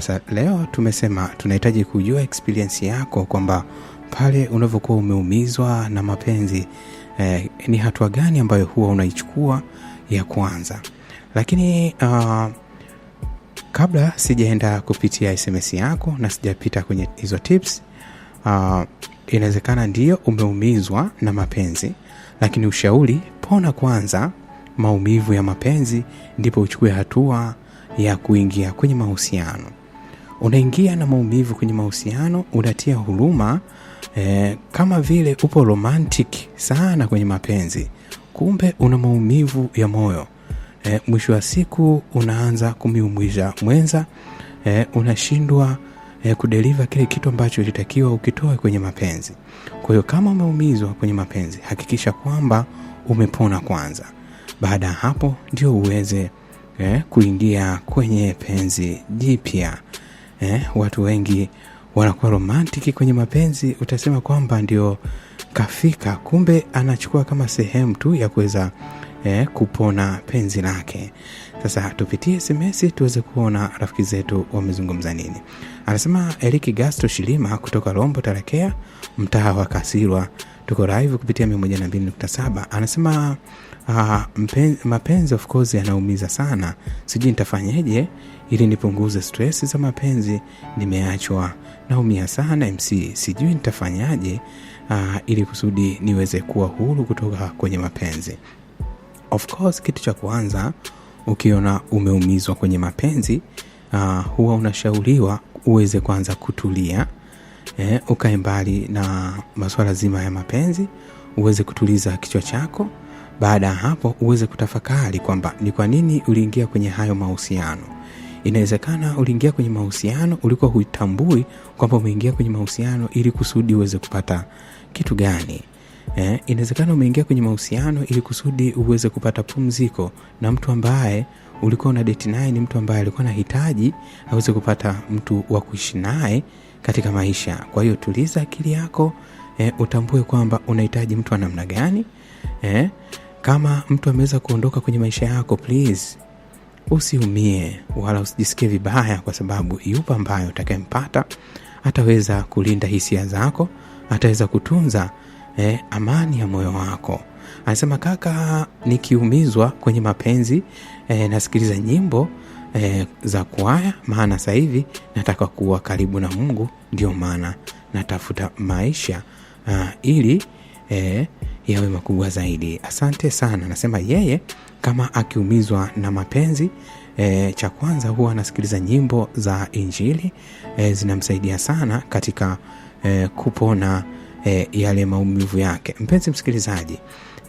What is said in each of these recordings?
Sasa leo tumesema tunahitaji kujua experience yako kwamba pale unavyokuwa umeumizwa na mapenzi eh, ni hatua gani ambayo huwa unaichukua ya kwanza. Lakini uh, kabla sijaenda kupitia SMS yako na sijapita kwenye hizo tips uh, inawezekana ndio umeumizwa na mapenzi, lakini ushauri, pona kwanza maumivu ya mapenzi, ndipo uchukue hatua ya kuingia kwenye mahusiano unaingia na maumivu kwenye mahusiano, unatia huruma eh, kama vile upo romantic sana kwenye mapenzi, kumbe una maumivu ya moyo eh, mwisho wa siku unaanza kumiumisha mwenza eh, unashindwa eh, kudeliva kile kitu ambacho ilitakiwa ukitoe kwenye mapenzi. Kwa hiyo kama umeumizwa kwenye mapenzi, hakikisha kwamba umepona kwanza. Baada ya hapo ndio uweze eh, kuingia kwenye penzi jipya eh, watu wengi wanakuwa romantiki kwenye mapenzi utasema kwamba ndio kafika kumbe anachukua kama sehemu tu ya kuweza eh, kupona penzi lake sasa tupitie sms tuweze kuona rafiki zetu wamezungumza nini anasema eriki gasto shilima kutoka rombo tarakea mtaa wa kasirwa tuko raivu kupitia 127 anasema Aha, mpen, mapenzi of course yanaumiza sana, sijui nitafanyaje ili nipunguze stress za mapenzi. Nimeachwa, naumia sana MC, sijui nitafanyaje ah, ili kusudi niweze kuwa huru kutoka kwenye mapenzi. Of course kitu cha kwanza ukiona umeumizwa kwenye mapenzi aa, ah, huwa unashauriwa uweze kwanza kutulia eh, ukae mbali na masuala zima ya mapenzi, uweze kutuliza kichwa chako baada ya hapo uweze kutafakari kwamba ni kwa nini uliingia kwenye hayo mahusiano. Inawezekana uliingia kwenye mahusiano ulikuwa huitambui kwamba umeingia kwenye mahusiano ili kusudi uweze kupata kitu gani. Eh, inawezekana umeingia kwenye mahusiano ili kusudi uweze kupata pumziko na mtu ambaye ulikuwa una date naye ni mtu ambaye alikuwa anahitaji aweze kupata mtu wa kuishi naye katika maisha. Kwa hiyo tuliza akili yako, eh, utambue kwamba unahitaji mtu wa namna gani eh, kama mtu ameweza kuondoka kwenye maisha yako, please usiumie wala usijisikie vibaya, kwa sababu yupo ambayo utakayempata ataweza kulinda hisia zako, ataweza kutunza eh, amani ya moyo wako. Anasema kaka, nikiumizwa kwenye mapenzi eh, nasikiliza nyimbo eh, za kuaya maana sasa hivi nataka kuwa karibu na Mungu, ndio maana natafuta maisha ah, ili eh, yawe makubwa zaidi asante sana anasema yeye kama akiumizwa na mapenzi e, cha kwanza huwa anasikiliza nyimbo za injili e, zinamsaidia sana katika e, kupona e, yale maumivu yake mpenzi msikilizaji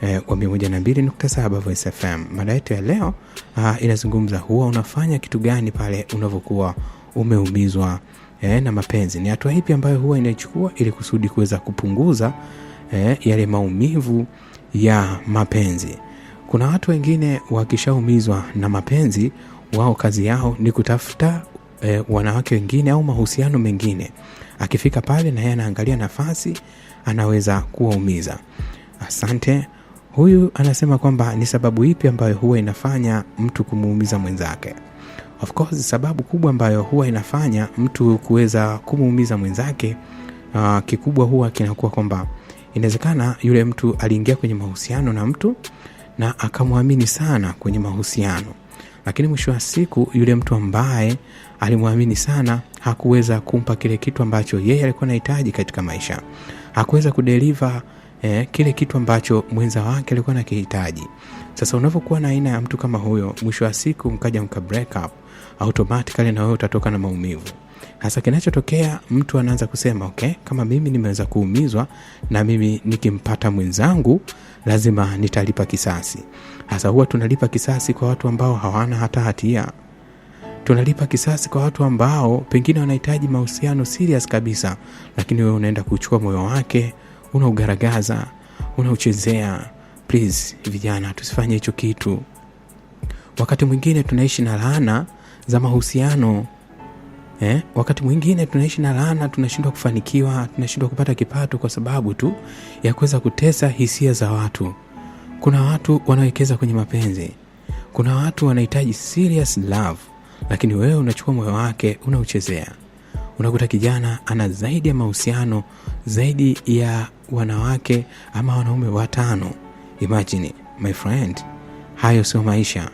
e, kwa nukta saba fm mada yetu ya leo a, ah, inazungumza huwa unafanya kitu gani pale unavyokuwa umeumizwa e, na mapenzi ni hatua ipi ambayo huwa inaichukua ili kusudi kuweza kupunguza eh, yale maumivu ya mapenzi. Kuna watu wengine wakishaumizwa na mapenzi, wao kazi yao ni kutafuta eh, wanawake wengine au mahusiano mengine. Akifika pale na yeye anaangalia nafasi, anaweza kuwaumiza. Asante. Huyu anasema kwamba ni sababu ipi ambayo huwa inafanya mtu kumuumiza mwenzake? Of course, sababu kubwa ambayo huwa inafanya mtu kuweza kumuumiza mwenzake uh, kikubwa huwa kinakuwa kwamba inawezekana yule mtu aliingia kwenye mahusiano na mtu na akamwamini sana kwenye mahusiano lakini mwisho wa siku yule mtu ambaye alimwamini sana hakuweza kumpa kile kitu ambacho yeye alikuwa anahitaji katika maisha hakuweza kudeliva eh, kile kitu ambacho mwenza wake alikuwa nakihitaji sasa unavyokuwa na aina ya mtu kama huyo mwisho wa siku mkaja mka break up automatikali na wewe utatoka na maumivu Hasa kinachotokea mtu anaanza kusema okay, kama mimi nimeweza kuumizwa na mimi nikimpata mwenzangu lazima nitalipa kisasi. Hasa huwa tunalipa kisasi kwa watu ambao hawana hata hatia. Tunalipa kisasi kwa watu ambao pengine wanahitaji mahusiano serious kabisa, lakini wewe unaenda kuchukua moyo wake, unaugaragaza, unauchezea. Please vijana, tusifanye hicho kitu. Wakati mwingine tunaishi na laana za mahusiano eh? Wakati mwingine tunaishi na laana, tunashindwa kufanikiwa, tunashindwa kupata kipato kwa sababu tu ya kuweza kutesa hisia za watu. Kuna watu wanawekeza kwenye mapenzi, kuna watu wanahitaji serious love, lakini wewe unachukua moyo wake unauchezea. Unakuta kijana ana zaidi ya mahusiano zaidi ya wanawake ama wanaume watano. Imagine my friend, hayo sio maisha.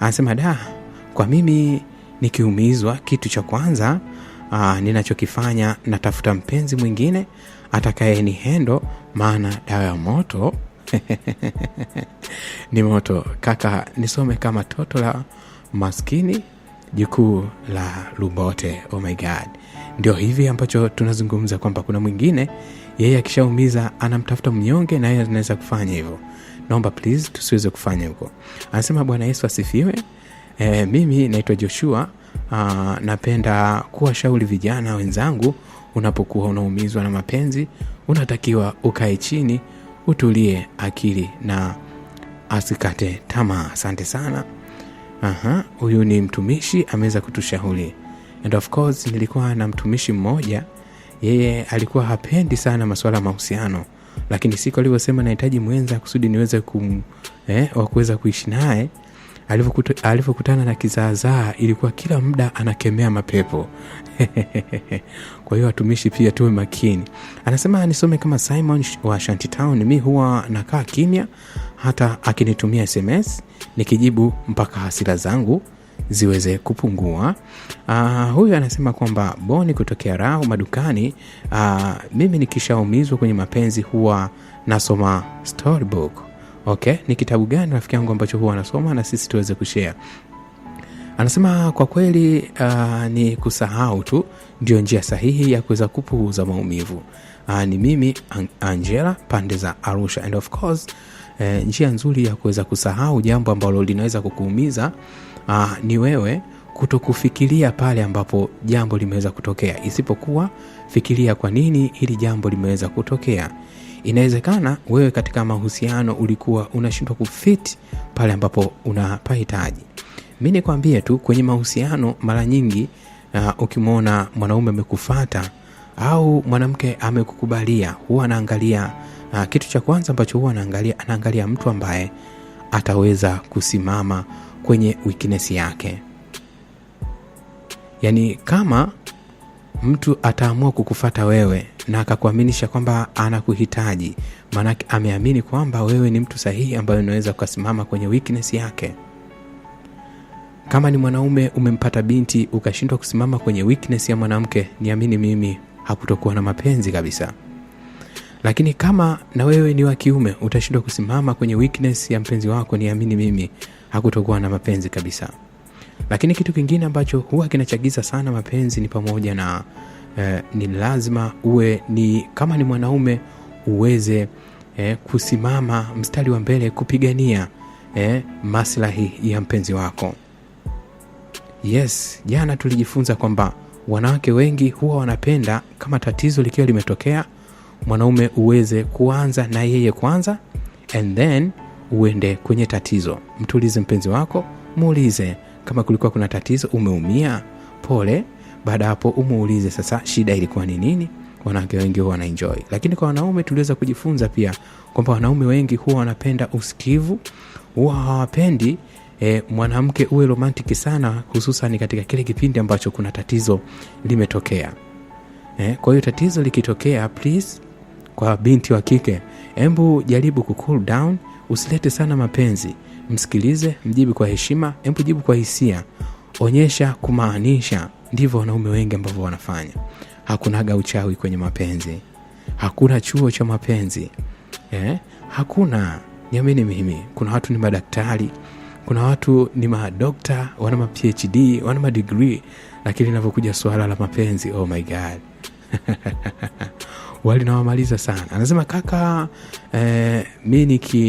Anasema da, kwa mimi nikiumizwa, kitu cha kwanza aa, ah, ninachokifanya natafuta mpenzi mwingine atakaye ni hendo, maana dawa ya moto ni moto kaka. Nisome kama toto la maskini jukuu la Lubote. Oh my God, ndio hivi ambacho tunazungumza kwamba kuna mwingine yeye akishaumiza anamtafuta mnyonge, na yeye anaweza kufanya hivyo. Naomba please tusiweze kufanya huko. Anasema Bwana Yesu asifiwe. E, mimi naitwa Joshua. Aa, ah, napenda kuwashauri vijana wenzangu, unapokuwa unaumizwa na mapenzi, unatakiwa ukae chini, utulie akili na asikate tamaa. Asante sana. Aha, huyu ni mtumishi ameweza kutushauri. And of course nilikuwa na mtumishi mmoja, yeye alikuwa hapendi sana masuala ya mahusiano, lakini siku alivyosema nahitaji mwenza kusudi niweze kum, eh, wa kuweza kuishi naye alivyokutana na kizaazaa ilikuwa kila muda anakemea mapepo kwa hiyo watumishi pia tuwe makini anasema nisome kama simon wa shantytown mi huwa nakaa kimya hata akinitumia sms nikijibu mpaka hasira zangu ziweze kupungua uh, huyu anasema kwamba boni kutokea rau madukani uh, mimi nikishaumizwa kwenye mapenzi huwa nasoma storybook okay, ni kitabu gani rafiki yangu ambacho huwa anasoma na sisi tuweze kushea anasema kwa kweli uh, ni kusahau tu ndio njia sahihi ya kuweza kupuuza maumivu uh, ni mimi angela pande za arusha and of course eh, njia nzuri ya kuweza kusahau jambo ambalo linaweza kukuumiza uh, ni wewe kutokufikiria pale ambapo jambo limeweza kutokea isipokuwa fikiria kwa nini hili jambo limeweza kutokea Inawezekana wewe katika mahusiano ulikuwa unashindwa kufit pale ambapo unapahitaji. Mi nikwambie tu kwenye mahusiano, mara nyingi uh, ukimwona mwanaume amekufata au mwanamke amekukubalia, huwa anaangalia uh, kitu cha kwanza ambacho huwa anaangalia, anaangalia mtu ambaye ataweza kusimama kwenye weakness yake. Yaani, kama mtu ataamua kukufata wewe na akakuaminisha kwamba anakuhitaji, maanake ameamini kwamba wewe ni mtu sahihi ambaye unaweza ukasimama kwenye weakness yake. Kama ni mwanaume umempata binti ukashindwa kusimama kwenye weakness ya mwanamke, niamini mimi, hakutokuwa na mapenzi kabisa. Lakini kama na wewe ni wa kiume utashindwa kusimama kwenye weakness ya mpenzi wako, niamini mimi, hakutokuwa na mapenzi kabisa. Lakini kitu kingine ambacho huwa kinachagiza sana mapenzi ni pamoja na eh, ni lazima uwe ni kama ni mwanaume uweze eh, kusimama mstari wa mbele kupigania eh, maslahi ya mpenzi wako. Yes, jana tulijifunza kwamba wanawake wengi huwa wanapenda kama tatizo likiwa limetokea mwanaume uweze kuanza na yeye kwanza, and then uende kwenye tatizo. Mtulize mpenzi wako, muulize kama kulikuwa kuna tatizo, umeumia, pole baada hapo umuulize sasa shida ilikuwa ni nini wanawake wengi huwa wanaenjoy lakini kwa wanaume tuliweza kujifunza pia kwamba wanaume wengi huwa wanapenda usikivu huwa hawapendi e, eh, mwanamke uwe romantiki sana hususan katika kile kipindi ambacho kuna tatizo limetokea e, kwa hiyo tatizo likitokea please kwa binti wa kike embu jaribu ku cool down usilete sana mapenzi msikilize mjibu kwa heshima embu jibu kwa hisia onyesha kumaanisha ndivyo wanaume wengi ambavyo wanafanya hakunaga uchawi kwenye mapenzi hakuna chuo cha mapenzi eh? hakuna niamini mimi kuna watu ni madaktari kuna watu ni madokta wana ma phd wana madgr lakini inavyokuja suala la mapenzi oh my god walinawamaliza sana anasema kaka eh, mi niki